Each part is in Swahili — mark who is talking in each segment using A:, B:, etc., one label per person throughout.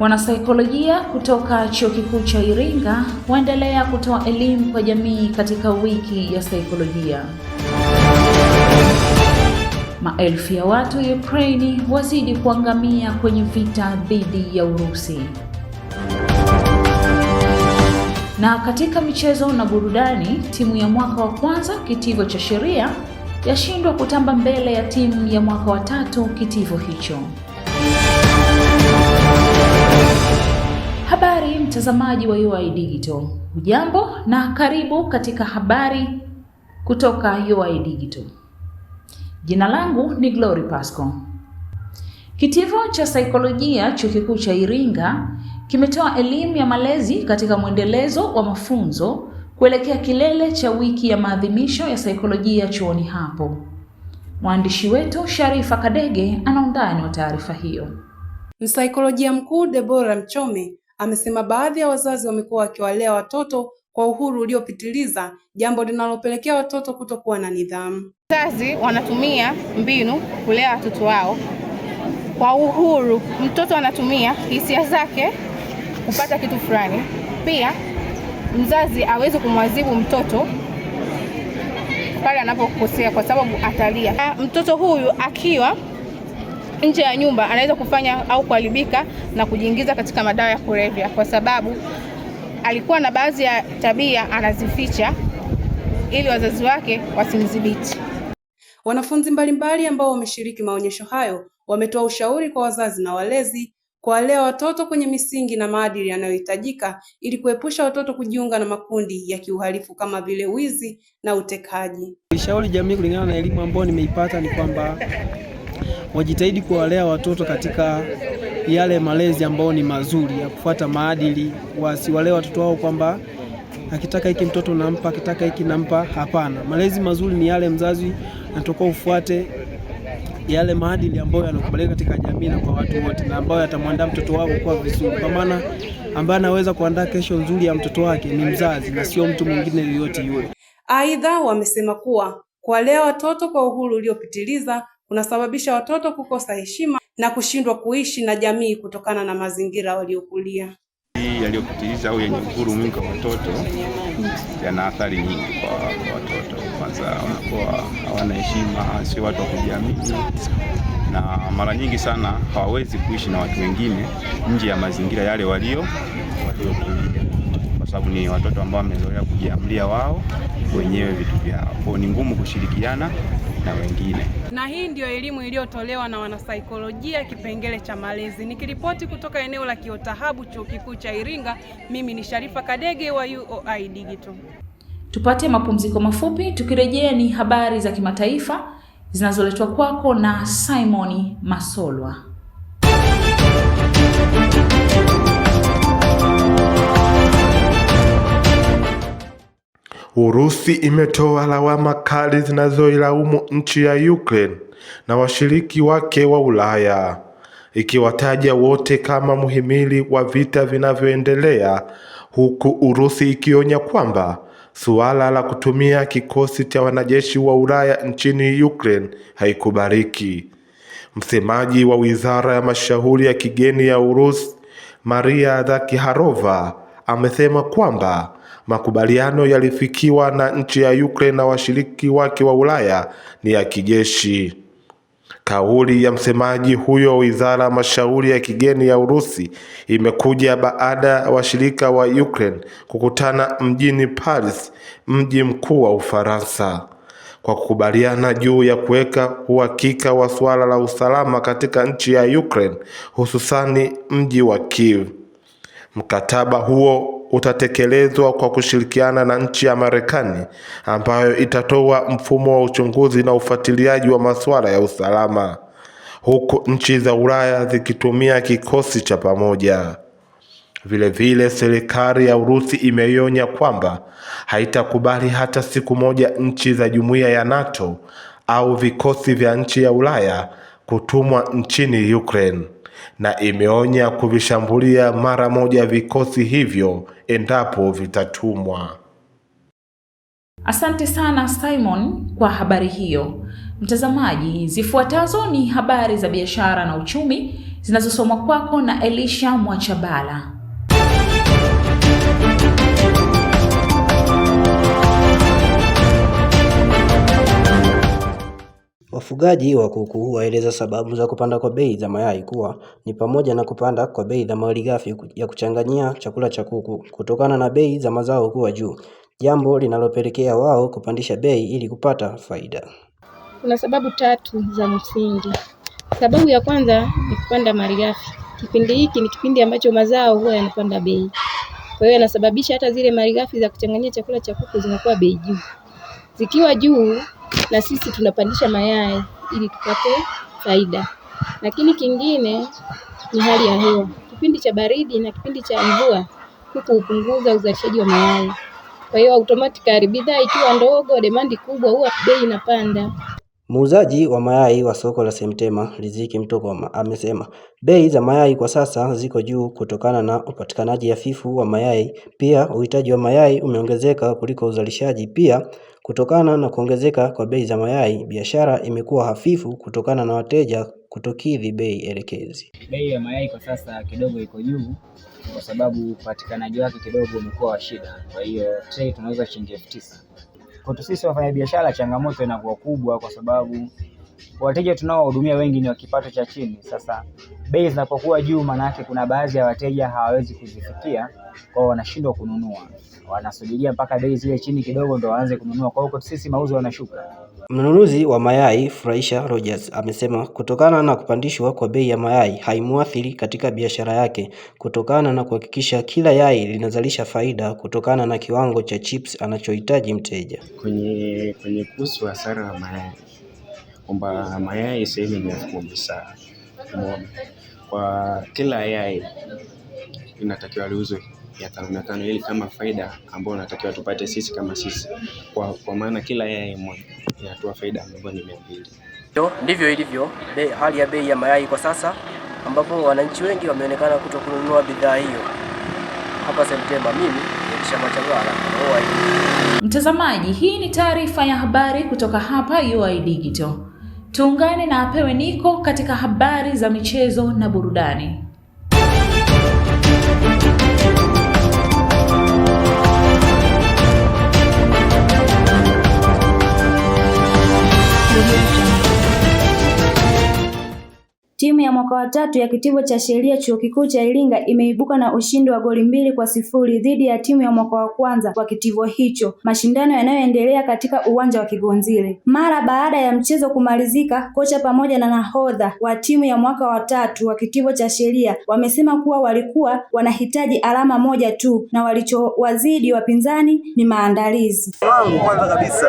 A: Wanasaikolojia kutoka Chuo Kikuu cha Iringa waendelea kutoa elimu kwa jamii katika wiki ya saikolojia. Maelfu ya watu Ukraini wazidi kuangamia kwenye vita dhidi ya Urusi. Na katika michezo na burudani, timu ya mwaka wa kwanza kitivo cha sheria yashindwa kutamba mbele ya timu ya mwaka wa tatu kitivo hicho. Habari mtazamaji wa UoI Digital, hujambo na karibu katika habari kutoka UoI Digital. Jina langu ni Glory Pasco. Kitivo cha saikolojia Chuo Kikuu cha Iringa kimetoa elimu ya malezi katika mwendelezo wa mafunzo kuelekea kilele cha wiki ya maadhimisho ya saikolojia chuoni hapo. Mwandishi wetu Sharifa Kadege ana undani wa taarifa hiyo. Msaikolojia mkuu Deborah Mchome Amesema baadhi ya wazazi wamekuwa wakiwalea watoto kwa uhuru uliopitiliza, jambo linalopelekea watoto kutokuwa na nidhamu.
B: Wazazi wanatumia mbinu kulea watoto wao kwa uhuru. Mtoto anatumia hisia zake kupata kitu fulani. Pia mzazi aweze kumwadhibu mtoto pale anapokosea, kwa sababu atalia mtoto huyu akiwa nje ya nyumba anaweza kufanya au kuharibika na kujiingiza katika madawa ya kulevya, kwa sababu alikuwa na baadhi ya tabia anazificha ili wazazi wake wasimdhibiti.
A: Wanafunzi mbalimbali ambao wameshiriki maonyesho hayo wametoa ushauri kwa wazazi na walezi kuwalea watoto kwenye misingi na maadili yanayohitajika ili kuepusha watoto kujiunga na makundi ya kiuhalifu kama vile wizi na utekaji.
C: Ushauri jamii kulingana na elimu ambayo nimeipata ni kwamba wajitahidi kuwalea watoto katika yale malezi ambayo ni mazuri ya kufuata maadili. Wasiwalee watoto wao kwamba akitaka hiki mtoto nampa, akitaka hiki nampa. Hapana, malezi mazuri ni yale mzazi anatoka ufuate yale maadili ambayo yanakubalika katika jamii na kwa watu wote, na ambayo yatamwandaa mtoto wao kuwa vizuri, kwa maana ambaye anaweza kuandaa kesho nzuri ya mtoto wake ni mzazi na sio mtu mwingine yoyote yule.
A: Aidha, wamesema kuwa kuwalea watoto kwa uhuru uliopitiliza unasababisha watoto kukosa heshima na kushindwa kuishi na jamii kutokana na mazingira waliokulia.
D: Hii yaliyopitiliza au yenye uhuru mwingi kwa watoto yana athari nyingi kwa watoto. Kwanza wanakuwa hawana heshima, sio watu wa kujiamini, na mara nyingi sana hawawezi kuishi na watu wengine nje ya mazingira yale walio waliokulia, kwa sababu ni watoto ambao wamezoea kujiamlia wao wenyewe vitu vyao, kwao ni ngumu kushirikiana na wengine
A: na hii ndio elimu iliyotolewa na wanasaikolojia kipengele cha malezi. Nikiripoti kutoka eneo la Kiotahabu, chuo kikuu cha Iringa, mimi ni Sharifa Kadege wa UoI Digital.
E: Tupate mapumziko mafupi, tukirejea ni habari za kimataifa zinazoletwa kwako na Simoni Masolwa.
F: Urusi imetoa lawama kali zinazoilaumu nchi ya Ukraine na washiriki wake wa Ulaya ikiwataja wote kama muhimili wa vita vinavyoendelea, huku Urusi ikionya kwamba suala la kutumia kikosi cha wanajeshi wa Ulaya nchini Ukraine haikubariki Msemaji wa Wizara ya Mashauri ya Kigeni ya Urusi, Maria Zakharova amesema kwamba makubaliano yalifikiwa na nchi ya Ukraine na washiriki wake wa Ulaya ni ya kijeshi. Kauli ya msemaji huyo wizara ya mashauri ya kigeni ya Urusi imekuja baada ya washirika wa Ukraine kukutana mjini Paris, mji mkuu wa Ufaransa, kwa kukubaliana juu ya kuweka uhakika wa suala la usalama katika nchi ya Ukraine, hususani mji wa Kiev. Mkataba huo utatekelezwa kwa kushirikiana na nchi ya Marekani ambayo itatoa mfumo wa uchunguzi na ufuatiliaji wa masuala ya usalama, huku nchi za Ulaya zikitumia kikosi cha pamoja. Vilevile, serikali ya Urusi imeionya kwamba haitakubali hata siku moja nchi za jumuiya ya NATO au vikosi vya nchi ya Ulaya kutumwa nchini Ukraine na imeonya kuvishambulia mara moja vikosi hivyo endapo vitatumwa.
E: Asante sana Simon kwa habari hiyo. Mtazamaji, zifuatazo ni habari za biashara na uchumi zinazosomwa kwako na Elisha Mwachabala.
G: Wafugaji wa kuku waeleza sababu za kupanda kwa bei za mayai kuwa ni pamoja na kupanda kwa bei za malighafi ya kuchanganyia chakula cha kuku kutokana na bei za mazao kuwa juu, jambo linalopelekea wao kupandisha bei ili kupata faida.
H: Kuna sababu tatu za msingi. Sababu ya kwanza ni kupanda malighafi. Kipindi hiki ni kipindi ambacho mazao huwa yanapanda bei, kwa hiyo yanasababisha hata zile malighafi za kuchanganyia chakula cha kuku zinakuwa bei juu. Zikiwa juu, na sisi tunapandisha mayai ili tupate faida. Lakini kingine ni hali ya hewa. Kipindi cha baridi na kipindi cha mvua, kuku hupunguza uzalishaji wa mayai. Kwa hiyo automatically bidhaa ikiwa ndogo, demandi kubwa, huwa bei inapanda.
I: Muuzaji wa mayai wa soko la Semtema Riziki Mtogoma amesema bei za mayai kwa sasa ziko juu kutokana na upatikanaji hafifu wa mayai. Pia uhitaji wa mayai umeongezeka kuliko uzalishaji. Pia Kutokana na kuongezeka kwa bei za mayai, biashara imekuwa hafifu kutokana na wateja kutokidhi bei elekezi.
J: Bei ya mayai kwa sasa kidogo iko juu kwa sababu upatikanaji wake kidogo umekuwa wa shida, kwa hiyo tray tunauza shilingi elfu tisa. Kwetu sisi wafanyabiashara, changamoto inakuwa kubwa kwa sababu wateja tunaohudumia wengi ni wa kipato cha chini. Sasa bei zinapokuwa juu, yake kuna baadhi ya wateja hawawezi kuzifikia, kwao wanashindwa kununua, wanasubiria mpaka bei zile chini kidogo ndo waanze kununua, kwa hiyo sisi mauzo yanashuka.
K: Mnunuzi wa mayai Furahisha Rogers amesema kutokana na kupandishwa kwa bei ya mayai haimuathiri katika biashara yake kutokana na kuhakikisha kila yai linazalisha faida kutokana na kiwango cha chips anachohitaji mteja.
L: Kwenye kwenye kuhusu hasara ya mayai kwamba mayai sasa hivi ni elfu kumi saa kwa kila yai inatakiwa liuzwe mia tano mia tano ili kama faida ambayo natakiwa tupate sisi kama sisi kwa, kwa maana kila yai moja inatoa faida ni mia mbili.
M: Ndivyo ilivyo hali ya bei ya mayai kwa sasa, ambapo wananchi wengi wameonekana kuto kununua bidhaa hiyo. Hapa Septemba mimi
E: Mtazamaji, hii ni taarifa ya habari kutoka hapa UoI Digital. Tuungane na apewe niko katika habari za michezo na burudani.
A: Timu ya mwaka wa tatu ya kitivo cha sheria chuo kikuu cha Iringa imeibuka na ushindi wa goli mbili kwa sifuri dhidi ya timu ya mwaka wa kwanza wa kitivo hicho, mashindano yanayoendelea katika uwanja wa Kigonzile. Mara baada ya mchezo kumalizika, kocha pamoja na nahodha wa timu ya mwaka wa tatu wa kitivo cha sheria wamesema kuwa walikuwa wanahitaji alama moja tu na walichowazidi wapinzani ni maandalizi.
N: Kwanza kabisa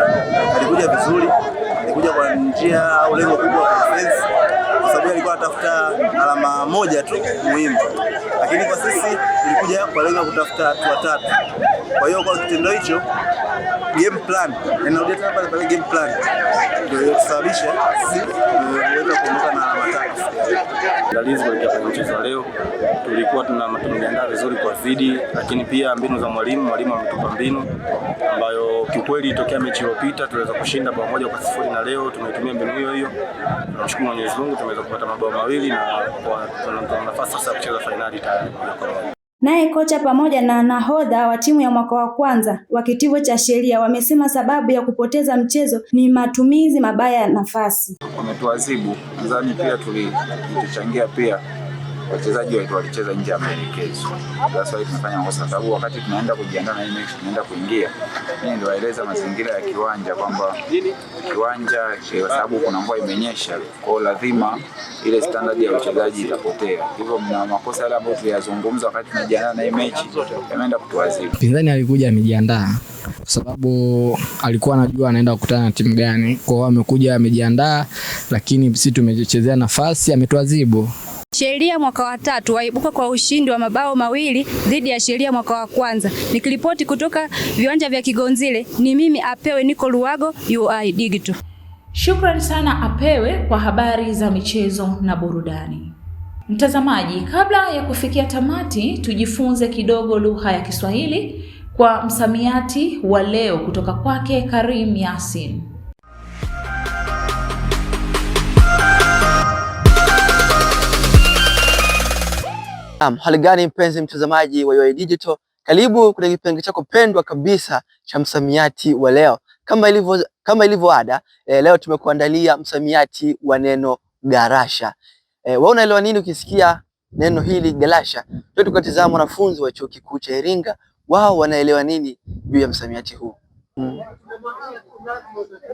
N: alikuja vizuri, alikuja kwa njia au lengo kubwa la sababu alikuwa anatafuta alama moja tu muhimu, lakini kwa sisi tulikuja kwa lengo kutafuta hatua tatu. Kwa hiyo kwa kitendo hicho game plan inarudia tena pale pale, game plan ndio iliyosababisha sisi tuliweza kuondoka na Andalizi kuelekea kwenye mchezo wa leo, tulikuwa tuna tumejiandaa vizuri kwa zidi, lakini pia mbinu za mwalimu, mwalimu ametupa mbinu ambayo kiukweli tokea mechi iliyopita tuliweza kushinda bao moja kwa sifuri na leo tumetumia mbinu hiyo hiyo. Tunamshukuru Mwenyezi Mungu tumeweza kupata mabao mawili na kwa nafasi sasa ya kucheza fainali tayari.
A: Naye kocha pamoja na nahodha wa timu ya mwaka wa kwanza wa kitivo cha sheria wamesema sababu ya kupoteza mchezo ni matumizi mabaya ya nafasi.
O: Wametuadhibu, nadhani pia tulichangia pia wachezaji wetu walicheza nje ya maelekezo. That's why tunafanya kosa, sababu wakati tunaenda kujiandaa na next, tunaenda kuingia, mimi niliwaeleza mazingira ya kiwanja kwamba kiwanja, eh, kwa sababu kuna mvua imenyesha, kwa lazima ile standard ya uchezaji itapotea. Hivyo mna makosa yale ambayo tuliyazungumza wakati tunajiandaa na mechi yameenda kutuadhibu.
P: Pinzani alikuja amejiandaa kwa sababu alikuwa anajua anaenda kukutana na timu gani, kwa hiyo amekuja amejiandaa, lakini sisi tumechezea nafasi, ametuadhibu.
A: Sheria mwaka wa tatu waibuka kwa ushindi wa mabao mawili dhidi ya Sheria mwaka wa kwanza. Nikiripoti kutoka viwanja vya Kigonzile, ni mimi Apewe Niko Luago, UoI Digital.
E: Shukrani sana Apewe kwa habari za michezo na burudani. Mtazamaji, kabla ya kufikia tamati, tujifunze kidogo lugha ya Kiswahili kwa msamiati wa leo kutoka kwake Karim Yasin.
Q: Naam, hali gani mpenzi mtazamaji wa UoI e Digital? Karibu kwenye kipengele chako pendwa kabisa cha msamiati wa leo. Kama ilivyo kama ilivyo ada, e, leo tumekuandalia msamiati wa neno garasha. E, wewe unaelewa nini ukisikia neno hili garasha? Leo tukatizama wanafunzi wa Chuo Kikuu cha Iringa, wao wanaelewa nini juu ya msamiati huu. Mm.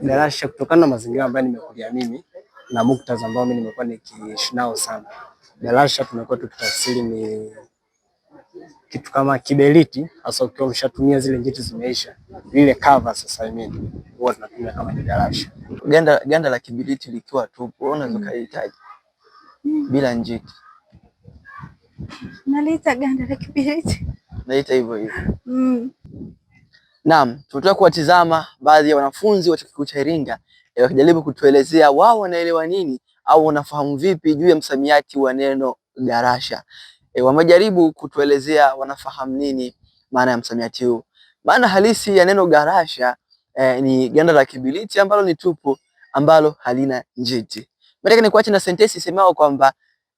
R: Garasha kutokana na mazingira ambayo nimekulia mimi na muktadha ambao mimi nimekuwa nikiishi nao sana. Darasha tumekuwa tukitafsiri ni kitu kama kiberiti, hasa ukiwa umeshatumia zile njiti zimeisha, lile cover sasa mimi huwa tunatumia kama ni darasha. Ganda, ganda la kiberiti likiwa tu unaweza kuhitaji mm. bila njiti
S: nalita ganda la kiberiti
R: naita hivyo hivyo mm. Naam, tutakuwa kuwatizama baadhi ya wanafunzi wa chuo kikuu cha Iringa Eh, wakijaribu kutuelezea wao wanaelewa nini au wanafahamu vipi juu ya msamiati wa neno darasha. E, eh, wamejaribu kutuelezea wanafahamu nini maana ya msamiati huu. Maana halisi ya neno garasha e, ni ganda la kibiliti ambalo ni tupu ambalo halina njiti. Nataka nikuache na sentensi isemao kwamba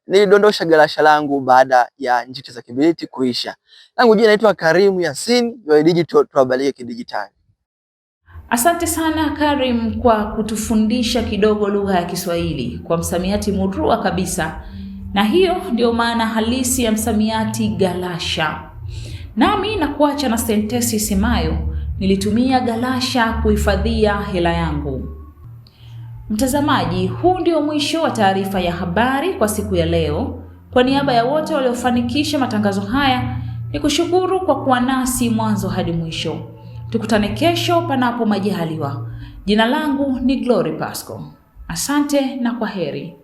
R: nilidondosha garasha langu baada ya njiti za kibiliti kuisha. Langu jina naitwa Karimu Yasin wa Digital, tuhabarike kidijitali.
E: Asante sana Karim kwa kutufundisha kidogo lugha ya Kiswahili kwa msamiati murua kabisa, na hiyo ndio maana halisi ya msamiati ghalasha. Nami nakuacha na sentensi isemayo nilitumia ghalasha kuhifadhia hela yangu. Mtazamaji, huu ndio mwisho wa taarifa ya habari kwa siku ya leo. Kwa niaba ya wote waliofanikisha matangazo haya, ni kushukuru kwa kuwa nasi mwanzo hadi mwisho. Tukutane kesho panapo majaliwa. Jina langu ni Glory Pasco. Asante na kwa heri.